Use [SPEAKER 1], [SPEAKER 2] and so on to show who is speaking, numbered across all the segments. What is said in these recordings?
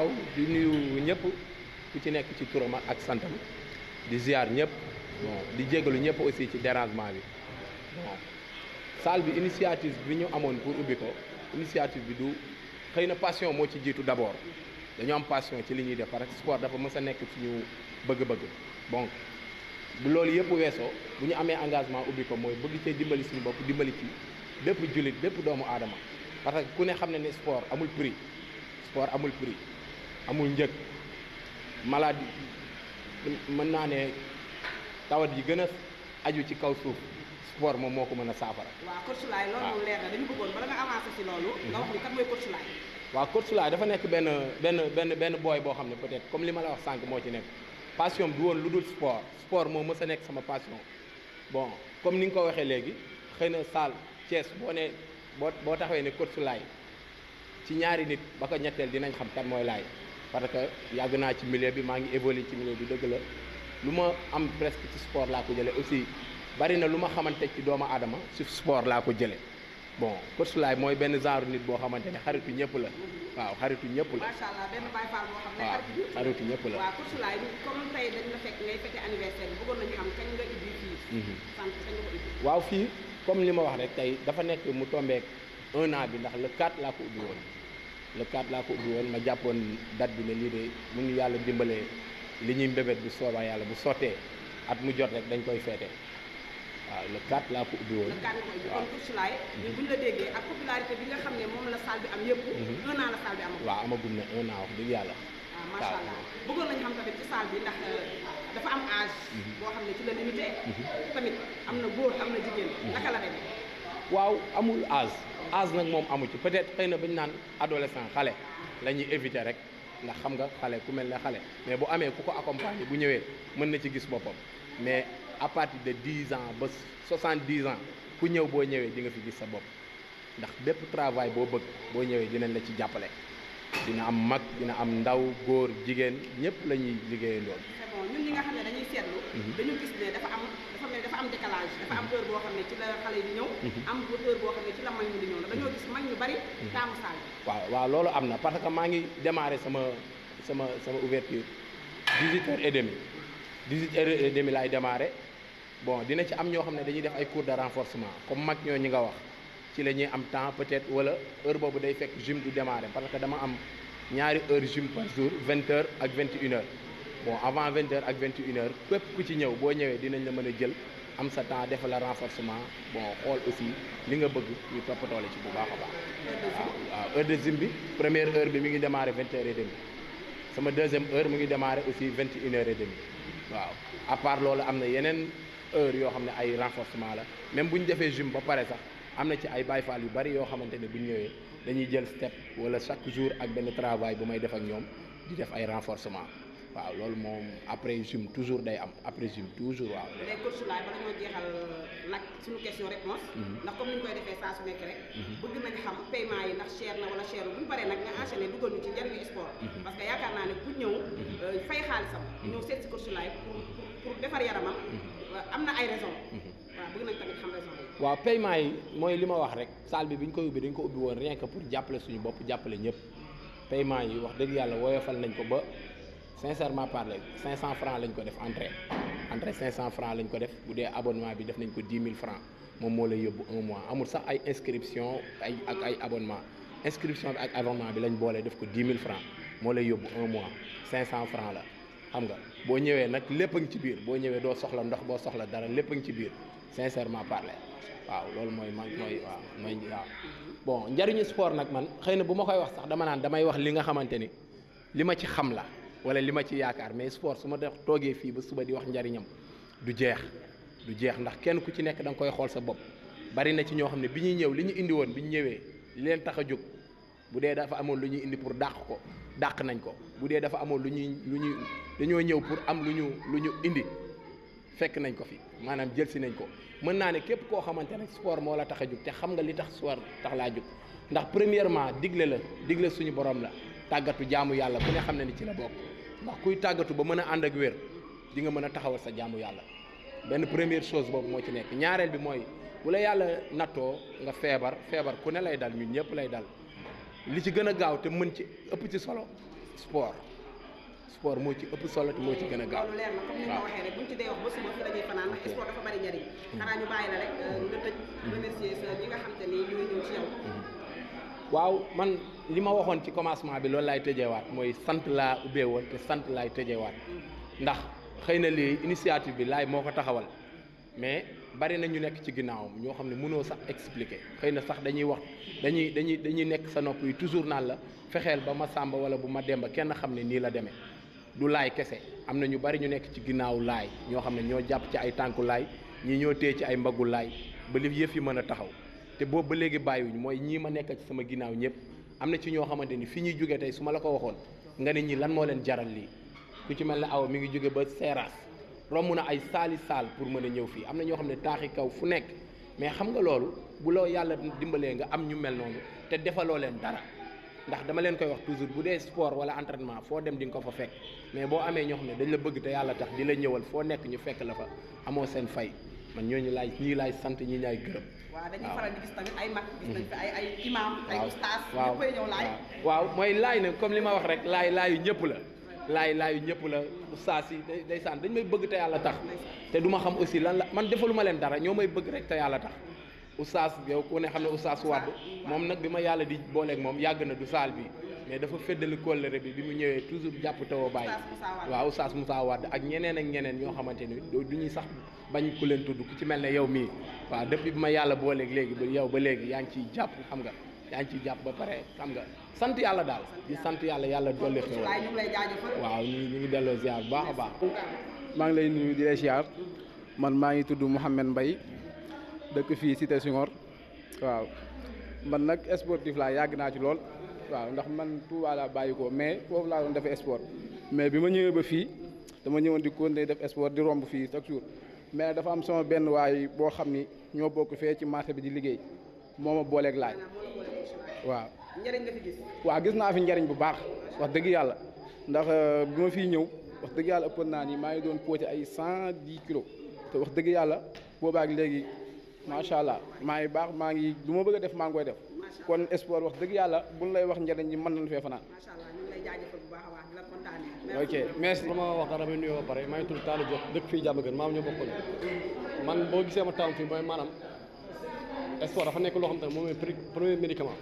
[SPEAKER 1] aw di nuyu ñëpp ku ci nekk ci turam ak santam di ziar ñëpp bon di jégalu ñëpp aussi ci dérangement bi bon bi initiative bi ñu amoon pour ubbi ko initiative bi du xëy na passion moo ci jiitu d'abord dañu am passion ci li ñuy def parce que sport dafa mës nekk nekk ñu bëgg-bëgg donc bu loolu yëpp weesoo bu ñu amee engagement ubbi ko mooy bëgg cee dimbali suñu bopp dimbali ci bépp jullit bépp doomu aadama parce que ku ne xam ne ne sport amul prix sport amul prix amul njëg maladie mën naa ne tawat yi gën a aju ci kaw suuf sport moom moo ko mën a saafara.
[SPEAKER 2] waaw coach Laye loolu moom leer na dañu bëggoon bala nga avancé ci loolu. nga wax ni kat mooy coach Laye.
[SPEAKER 1] waaw coach Laye dafa nekk benn benn benn benn booy boo xam ne peut-être comme li ma la wax sànq moo ci nekk passion du woon lu dul sport sport moom mës a nekk sama passion bon comme ni nga ko waxee léegi xëy na Saal Thiès boo nee boo boo taxawee ne coach Laye ci ñaari nit ba ko ñetteel dinañ xam kan mooy Laye. parce que yàgg naa ci millior bi maa ngi évolué ci milieu bi dëgg la lu ma am presque ci sport laa ko jëlee aussi bari na lu ma xamante ci doomu aadama ci sport laa ko jëlee bon coach mooy benn genre nit boo xamante ne xaritu ñëpp la waaw xaritu ñëpp la. macha ñëpp la fii. comme li ma wax rek tey dafa nekk mu tombeek un an bi ndax le 4 laa ko ubbi woon. le 4 laa ko ubbi woon ma jàppoon date bi ne lii de mu ngi yàlla dimbalee li ñuy mbébét bu soobaa yàlla bu sottee at mu jot rek dañ koy feete waaw le 4 laa ko ubbi woon. le 4 kon
[SPEAKER 2] Kourchoulaye mhm. ñun bu ñu la déggee ak popularité bi nga xam ne moom la salle bi am yëpp. Mhm. un
[SPEAKER 1] na un yàlla.
[SPEAKER 2] Ah, bi ndax euh, am âge. Mhm. boo xam ne ci la limité. tamit am na góor am na jigéen naka la demee.
[SPEAKER 1] waaw amul âge âge nag moom amu ci peut-être xëy na ba naan adolescent xale la ñuy éviter rek ndax xam nga xale ku mel ne xale mais bu amee ku ko accompagner bu ñëwee mën na ci gis boppam mais à partir de 10 ans ba 70 ans ku ñëw boo ñëwee di nga fi gis sa bopp ndax bépp travail boo bëgg boo ñëwee dinañ la ci jàppale dina am mag dina am ndaw góor jigéen ñëpp la ñuy liggéeyandoo.
[SPEAKER 2] Mhm. dañu gis ne dafa am dafa mel dafa am décalage dafa am mhm. heure boo xam ne ci la xale yi di ñëw mhm. am heure boo xam ne ci la mañ di ñëw dañoo gis mañ ñu bari taamu saal
[SPEAKER 1] waaw waaw loolu am na parce que maa ngi démarré sama sama sama ouverture dix huit heures et demi dix huit heures et demi laay démarré bon dina ci am ñoo xam ne dañuy def ay cours de renforcement comme mag ñoo ñi nga wax ci la ñuy am temps peut être wala heure boobu day fekk gym du démarré parce que dama am ñaari heure gym par jour 20 heures ak 21 heures bon avant vingt heures ak vingt et une heures képp ku ci ñëw boo ñëwee dinañ la mën a jël am sa temps def la renforcement bon xool aussi li nga bëgg ñu toppatoo la ci bu baax a baax. waaw heure de gym bi première heure bi mi ngi démarré vingt heures et demi sama deuxième heure mi ngi démarré aussi vingt et une heures et demi waaw à part loolu am na yeneen heure yoo xam ne ay renforcement la même bu ñu defee gym ba pare sax am na ci ay Baay Faal yu bari yoo xamante ne bu ñu ñëwee dañuy jël step wala chaque jour ak benn travail bu may def ak ñoom di def ay renforcement. waaw loolu moom après jum toujours day am après jum toujours waaw. léegi
[SPEAKER 2] coach Laye bala ñoo jeexal nag suñu question réponse mhm. ndax comme ni ñu koy defee saa su nekk rek. Mhm. bëgg nañ xam paiement yi ndax cher na wala cher bu ñu paree nag nga enchaîné dugal ñu ci njëriñu sport. Mhm. parce que yaakaar naa ne ku ñëw. Euh, fay xaalisam. ñëw seet si course Laye pour pour defar yaramam. am na ay raison waaw bëgg nañ tamit xam raison yi.
[SPEAKER 1] waaw paiement yi mooy li ma wax rek salle bi bi ñu koy ubbi dañ ko ubbi woon rien que pour jàppale suñu bopp jàppale ñëpp paiement yi wax dëgg yàlla woyofal nañ ko ba sincèrement parler 500 francs lañ ko def entrée entrée 500 francs lañ ko def boudé abonnement bi def nañ ko 10 000 francs mom mo lay yobbu un mois amul sax ay inscription ay ak ay abonnement inscription ak abonnement bi lañ bolé def ko 10 000 francs mo lay yobbu un mois 500 francs la xam nga bo ñëwé nak lépp a ngi ci biir bo ñëwé do soxla ndox bo soxla dara lépp ngi ci biir sincèrement parler waaw loolu mooy man mooy waaw mooy waaw. bon njariñu sport nak man xëy na bu ma koy wax sax dama naan damay wax li nga xamante ni li ma ci xam la. wala lima ci yaakaar mais sport su ma dox toogee fii ba suba di wax njariñam du jeex du jeex ndax kenn ku ci nekk da nga koy xool sa bopp bari na ci ñoo xam ne bi ñuy ñëw li ñu indi woon bi ñu ñëwee li leen tax a jóg bu dee dafa amoon lu ñuy indi pour dàq ko dàq nañ ko bu dee dafa amoon lu ñuy lu ñuy dañoo ñëw pour am lu ñu lu ñu indi fekk nañ ko fi maanaam jël si nañ ko mën naa ne képp koo xamante ne sport moo la tax a jóg te xam nga li tax sport tax laa jóg ndax premièrement digle la digle suñu borom la tàggatu jaamu yàlla ku ne xam ne ni ci la bokk ndax kuy tàggatu ba mën a ànd ak wér di nga mën a taxawal sa jaamu yàlla benn première chose boobu moo ci nekk ñaareel bi mooy bu la yàlla nattoo nga feebar feebar ku ne lay dal ñu ñëpp lay dal li ci gën a gaaw te mën ci ëpp ci solo sport sport moo ci ëpp solo te moo ci gën a gaaw. waaw loolu nga waxee
[SPEAKER 2] rek bu mm-hmm. ñu euh, nga tëj remercier sa ñi nga
[SPEAKER 1] waaw man li ma waxoon ci commencement bi loolu laay tëjeewaat mooy sant laa ubbeewoon te sant laay tëjeewaat ndax xëy na lii initiative bi laay moo ko taxawal mais bari na ñu nekk ci ginnaawam ñoo xam ne mënoo sax expliquer xëy na sax dañuy wax dañuy dañuy dañuy nekk sa nopp yi toujours naan la fexeel ba ma sàmba wala bu ma demba kenn xam ne nii la demee du laay kese am na ñu bari ñu nekk ci ginnaaw laay ñoo xam ne ñoo jàpp ci ay tànku laay ñi ñoo téye ci ay mbaggu ba li yëf yi mën a taxaw te boobu ba léegi bàyyiwuñ mooy ñii ma nekk ci sama ginnaaw ñëpp am na ci ñoo xamante ni fi ñuy jóge tey su ma la ko waxoon nga ne ñii lan moo leen jaral lii ku ci mel ne aw mi ngi jóge ba Seras romb na ay saali saal pour mën a ñëw fii am na ñoo xam ne taaxi kaw fu nekk mais xam nga loolu bu loo yàlla dimbalee nga am ñu mel noonu te defaloo leen dara ndax dama leen koy wax toujours bu dee sport wala entraînement foo dem di nga ko fa fekk mais boo amee ñoo ne dañ la bëgg te yàlla tax di la ñëwal foo nekk ñu fekk la fa amoo seen fay man ñooñu laay ñii laay sant ñii laay gërëm.
[SPEAKER 2] waaw dañuy faral di gis tamit ay mag. gis nañ fi ay imam waaw
[SPEAKER 1] mooy laay nag comme li ma wax rek laay laayu ñëpp la. laay laayu ñëpp la ustaas yi day day sant dañ may bëgg te yàlla tax. te duma xam aussi lan la man defalu leen dara ñoo may bëgg rek te yàlla tax. ustaas yow ku ne xam ne ustaas wàdd moom nag bi ma yàlla di booleeg moom yàgg na du saal bi mais dafa feddali kóllëre bi bi mu ñëwee toujours jàpp taw a bàyyi waaw Oustaz Moussa Wade ak ñeneen ak ñeneen ñoo xamante ni du ñuy sax bañ ku leen tudd ku ci mel ne yow mii waaw depuis bi ma yàlla booleek léegi ba yow ba léegi yaa ngi ciy jàpp xam nga yaa ngi ciy jàpp ba pare xam nga sant yàlla daal di sant yàlla yàlla dolli xew waaw ñu ñu delloo ziar bu baax a baax maa ngi lay nuyu di lay ziar man maa ngi tudd Mouhamed mbay dëkk fii Cité Senghor waaw man nag sportif laa yàgg naa ci lool waaw ndax man Touba laa bàyyi ko mais foofu laa doon defee sport mais bi ma ñëwee ba fii dama ñëwoon di continuer def sport di romb fii chaque jour mais dafa am sama benn waay boo xam ni ñoo bokk fee ci marché bi di liggéey moo ma booleeg laaj waaw. gis. naa fi njariñ bu baax wax dëgg yàlla ndax euh, bi ma fii ñëw wax dëgg yàlla ëppoon naa nii maa ngi doon poté ay cent dix kilo te wax dëgg yàlla boobaak léegi. macha allah maa ngi baax maa ngi lu ma bëgg def maa ngi def kon espoir wax dëgg yàlla buñ lay wax njëriñ ñi mën nañ fee fanaan.
[SPEAKER 2] macha allah ñu ngi lay a baax di la ok
[SPEAKER 1] merci wax dara ba nuyoo ba pare maa ngi tudd fii jàmm gën maam man boo gisee ma taam fii mooy maanaam espoir dafa nekk loo xam ne moom mooy premier médicament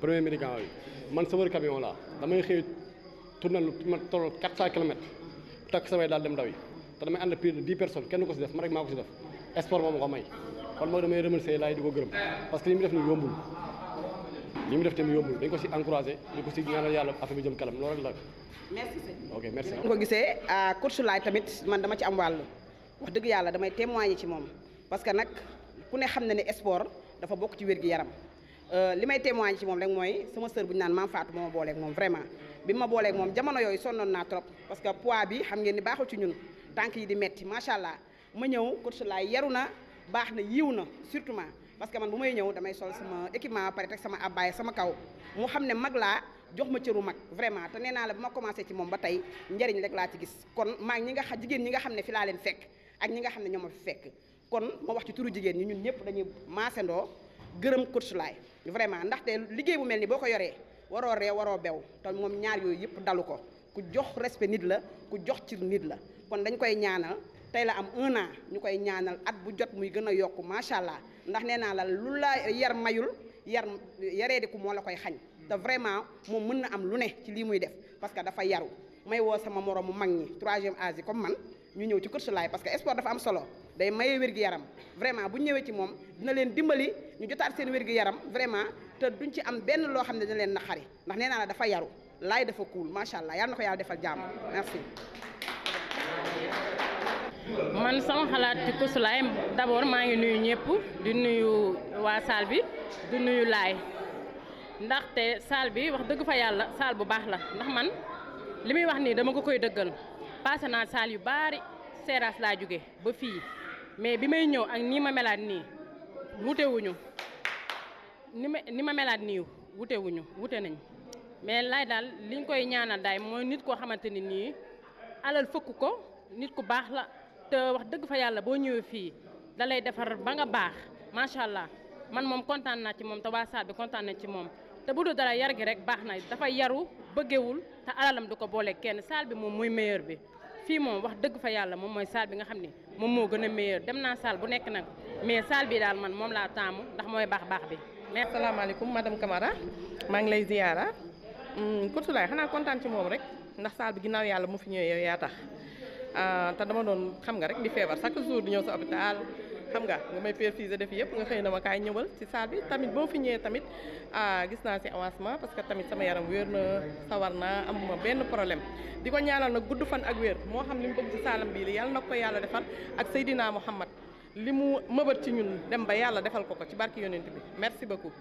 [SPEAKER 1] premier médicament bi man safar camion laa damay xëy tourné lu ma toll 400 kilomètres takk samay daal dem daw yi te damay ànd plus de 10 personnes kenn ko si def man rek maa ko si def espoir moom ko may kon moo damay remercier laay di ko gërëm parce que li mu def nii yombul li dañ ko si encouragé di yàlla affaire bi jëm kanam loolu rek la. merci ok merci. gisee
[SPEAKER 2] coach laay tamit man dama ci am wàll wax dëgg yàlla damay témoigner ci moom parce que nag ku ne xam na ne sport dafa bokk ci wér gu yaram euh, li may témoigner ci moom rek mooy sama sœur bu ñu naan maam Fatou moo ma booleeg moom vraiment bi ma booleeg moom jamono yooyu sonnoon naa trop parce que poids bi xam ngeen ni baaxul ci ñun tànk yi di metti macha allah ma ñëw coach laay yaru na baax na yiw na surtout ma parce que man bu may ñëw damay sol sama équipement pare teg sama abbaay sama kaw mu xam ne mag laa jox ma cëru mag vraiment te nee naa la ba ma commencé ci moom ba tey njëriñ rek laa ci gis kon maa ñi nga xam jigéen ñi nga xam ne fi laa leen fekk ak nga xam ne ñoo ma fi fekk kon wax ci turu jigéen ñi ñun ñëpp dañuy maasandoo gërëm coach vraiment ndaxte liggéey bu mel ni boo ko yoree waroo ree waroo bew te moom ñaar yooyu yëpp dalu ko ku jox respect nit la ku jox ci nit la kon dañ koy ñaanal tey la am un an ñu koy ñaanal at bu jot muy gën a yokk macha allah ndax nee naa la lu la yar mayul yar yaree diku moo la koy xañ te vraiment moom mën na am lu ne ci lii muy def parce que dafa yaru may woo sama mu mag ñi troisième asi comme man ñu ñëw ci course laay parce que sport dafa am solo day maye wér gi yaram vraiment bu ñëwee ci moom dina leen dimbali ñu jotaat seen wér gi yaram vraiment te duñ ci am benn loo xam ne dina leen naqari ndax nee naa dafa yaru laay dafa cool macha allah yàlla
[SPEAKER 3] na ko yàlla defal jàmm man sama xalaat ci Cousoulay d'abord maa ngi nuyu ñëpp di nuyu waa saal bi di nuyu laay ndaxte saal bi wax dëgg fa yàlla saal bu baax la ndax man li muy wax nii dama ko koy dëggal passé naa saal yu baari seeraas laa jóge ba fii mais bi may ñëw ak nii ma melaat nii wutewuñu ni ma ni ma melaat nii wutewuñu wute nañ mais laay daal liñ koy ñaanal daay mooy nit koo xamante ni nii alal fëkk ko nit ku baax la te wax dëgg fa yàlla boo ñëwee fii da lay defar ba nga baax macha allah man moom kontaan naa ci moom te waa saal bi kontaan nañ ci moom. te bu dul dara yar gi rek baax na dafa yaru bëggewul te alalam du ko boole kenn saal bi moom mooy meilleur bi fii moom wax dëgg fa yàlla moom mooy saal bi nga xam ne moom moo gën a meilleur dem naa saal bu nekk nag mais saal bi daal man moom laa taamu ndax mooy baax baax bi. mais asalaamaaleykum
[SPEAKER 2] madame Camara maa ngi lay ziyaara Koutoullaye xanaa kontaan ci moom rek ndax saal bi ginnaaw yàlla mu fi ñëwee yow yaa tax. Euh, te dama doon xam nga rek di feebar chaque jour di ñëw sa hôpital xam nga nga may perfusé def yëpp nga xëy na ma kaay ñëwal ci salle bi tamit boo fi ñëwee tamit ah, gis naa ci avancement parce que tamit sama yaram wér na sawar naa amuma benn problème di ko ñaanal nag gudd fan ak wér moo xam li mu bëgg ci saalam bii li yàlla na ko yàlla defal ak Seydina Muhammad li mu mëbët ci ñun dem ba yàlla defal ko ko ci barki yonent bi merci beaucoup